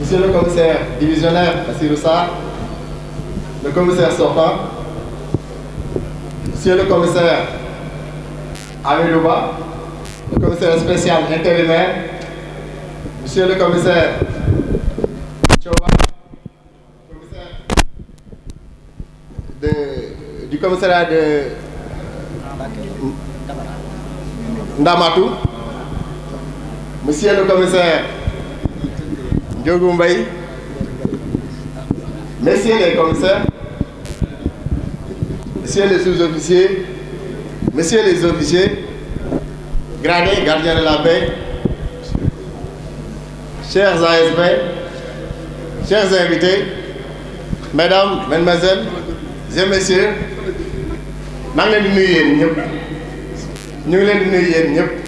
monsieur le commissaire divisionnaire Assirou le commissaire sortant monsieur le commissaire Amidou le commissaire spécial intérimaire monsieur le commissaire Tchoba commissaire du commissariat de Ndamatou Monsieur le commissaire Ndiogou messieurs les commissaires, messieurs les sous-officiers, messieurs les officiers, gradés, gardiens de la paix, chers ASP, chers invités, mesdames, mesdemoiselles et messieurs, Nous sommes tous di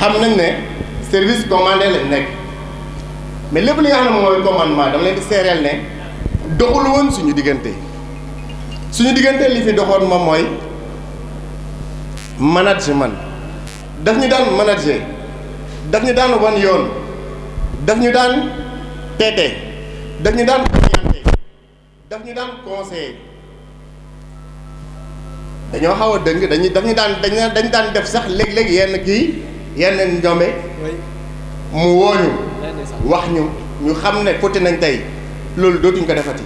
xam nañ ne service commandé lañ nekk mais lépp li nga xam ne mooy commandement dama leen di seereel ne doxul woon suñu diggante suñu diggante li fi doxoon moom mooy management daf ñu daan manager daf ñu daan wan yoon daf ñu daan teete daf ñu daan orienté daf ñu daan conseillé dañoo xaw a dëng dañuy daf daan dañ daan def sax léeg-léeg yenn kii yenn njome mu wooñu wax ñu ñu xam ne fotti nañ tey loolu dootuñ ko defati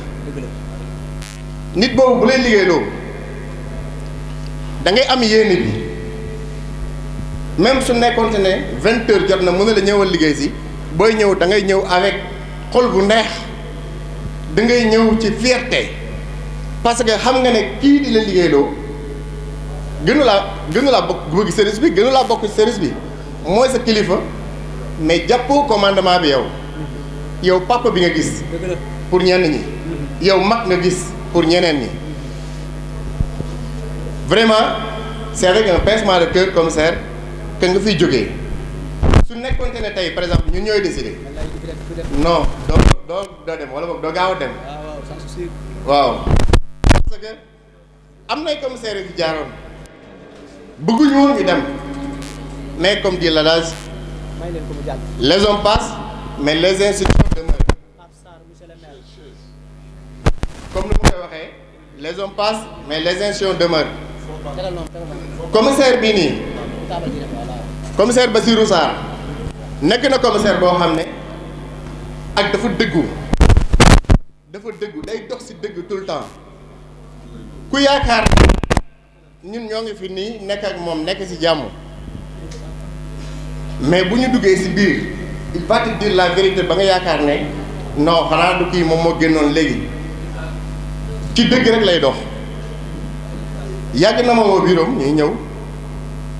nit boobu bu lay liggéey loolu da ngay am yéene bi même su nekkoon ne vingt jot na mën na la ñëwal liggéey si booy ñëw da ngay ñëw avec xol bu neex da ngay ñëw ci fierté parce que xam nga ne kii di lay liggéeyloo gënu laa gënu laa bokk bëgg service bi gënu laa bokk service bi mooy sa kilifa mais jàppoo commandement bi yow yow papa bi nga gis pour ñenn ñi yow mag nga gis pour ñeneen ñi vraiment c'est avec un pincement de cœur commissaire que nga fiy jóge su nekkonte ne tey par exemple ñun ñooy décider non doo doo doo dem wala boog doo gaaw a dem ah, waaw parce que am nay commissaires yu fi jaaroon bëgguñu woon ñu dem Mais comme dit l'adage, les hommes passent, mais les institutions demeurent. Comme nous le waxee les hommes passent, mais les institutions demeurent. commissaire Bini, commissaire Bassirou Sarr que na commissaire boo de ne ak dafa dëggu dafa dëggu day dox de goût tout le temps ku Nous, ñun ñoo ngi fi ni nekk ak moom nekk ci jàmm. mais bu ñu duggee si biir il va te la vérité ba nga yaakaar ne non xanaa du kii moom moo génnoon léegi ci dëgg rek lay dox yàgg na ma woo biroom ñuy ñëw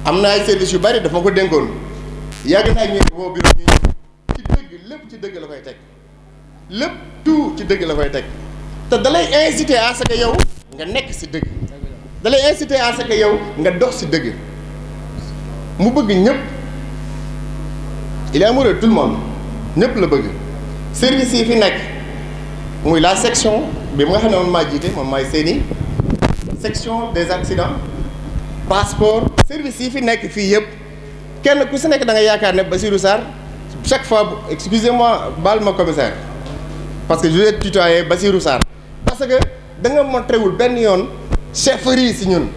am na ay services yu bari dafa ko dénkoon yàgg naa ñuy woo biroom ñuy ñëw ci dëgg lépp ci dëgg la koy teg lépp tout ci dëgg la koy teg te dalay inciter à ce que yow nga nekk si dëgg dalay inciter à ce que yow nga dox si dëgg mu bëgg ñëpp. il est amoureux de tout le monde ñëpp la Le service yi fi y a la section bi nga je ne moom maa jiite moom section des accidents passeport service yi fi nekk fii yëpp kenn ku que nekk da nga ne Bassirou chaque fois excusez-moi bal ma commissaire parce que je vais tutoyer Bassirou Sarr parce que da nga travail, wul benn chefferie si ñun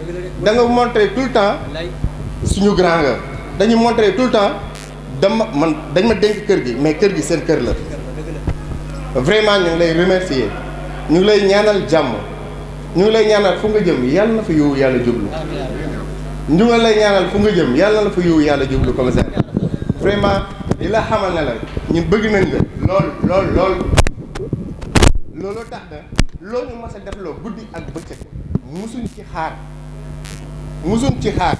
da nga tout le temps suñu grand nga dañu montrer tout le temps dama man dañ ma dénk kër gi mais kër gi seen kër la vraiment ñu ngi lay remercier ñu ngi lay ñaanal jàmm ñu ngi lay ñaanal fu nga jëm yàlla na fi yow yàlla jublu ñu ngi lay ñaanal fu nga jëm yàlla na fa yow yàlla jublu commissaire vraiment di laa xamal na la ñun bëgg nañ la lool lool lool looloo tax na loolu mas a def loo guddi ak bëccëg musuñ ci xaar musuñ ci xaar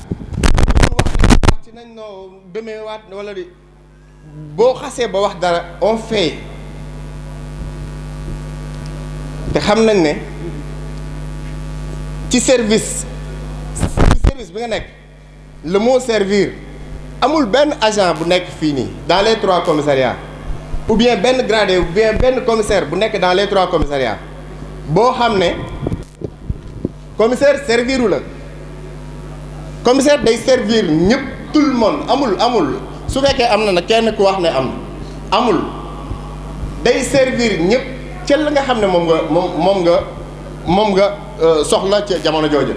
nañ noo avez wala on fait te service service le mot servir amul agent bu nekk dans les trois commissariats ou bien benn gradé commissaire bu est dans les trois commissariats boo xam ne commissaire serviru la commissaire day servir tout le monde amul amul su fekkee am na na kenn ku wax ne am amul day servir ñëpp ca la nga xam ne moom nga moom moom nga moom nga euh, soxla ca jamono jooju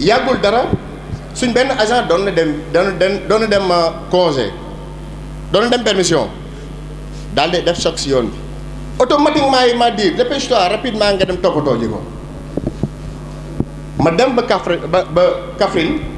yàggul dara suñ benn agent doon na dem doon dem euh, congé doon na dem permission daal di def choc si yoon bi automatiquement yi ma dire dépêche-toi rapidement nga dem toppatoo ji ko ma dem ba Kaffrine ba ba Kaffrine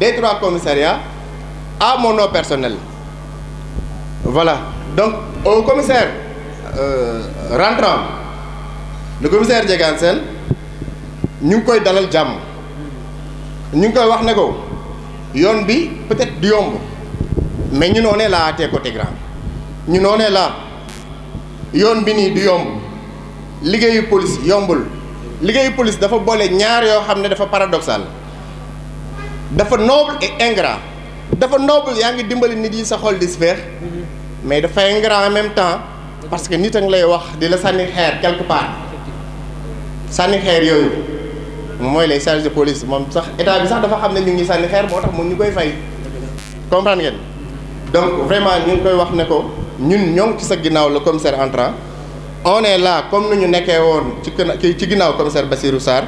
des trois commissariats à mon nom personnel. Voilà. Donc, au commissaire euh, rentrant, le commissaire Djegansen, nous avons le jam. Nous avons dit peut-être mais nous sommes là à tes côtés grands. Nous on là. ni du yomb. police yombul. police dafa paradoxal. dafa noble et dafa noble yaa ngi dimbali nit yi sa xol di mais dafa ingrat en même temps parce que nit a ngi lay wax di la sànni xeer quelque part sànni xeer yooyu mooy lay charge de police moom sax état bi sax dafa xam ne ñu ngi sànni xeer moo tax moom ñu koy fay comprendre ngeen donc vraiment ñu ngi koy wax ne ko ñun ñoom ngi ci sa ginnaaw la commissaire entrant on est là comme ni ñu nekkee woon ci ci ginnaaw commissaire Bassirou Sarr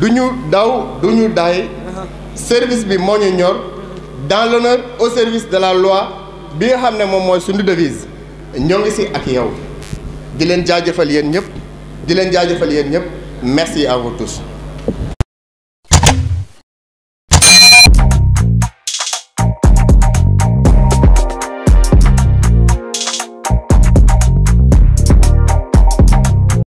du ñu daw du service bi moo ñu ñor dans l'honneur au service de la loi bi nga xam ne moom mooy suñu devise ñoo ngi si ak yow di leen jaajëfal yéen ñëpp di leen jaajëfal yéen ñëpp merci à vous tous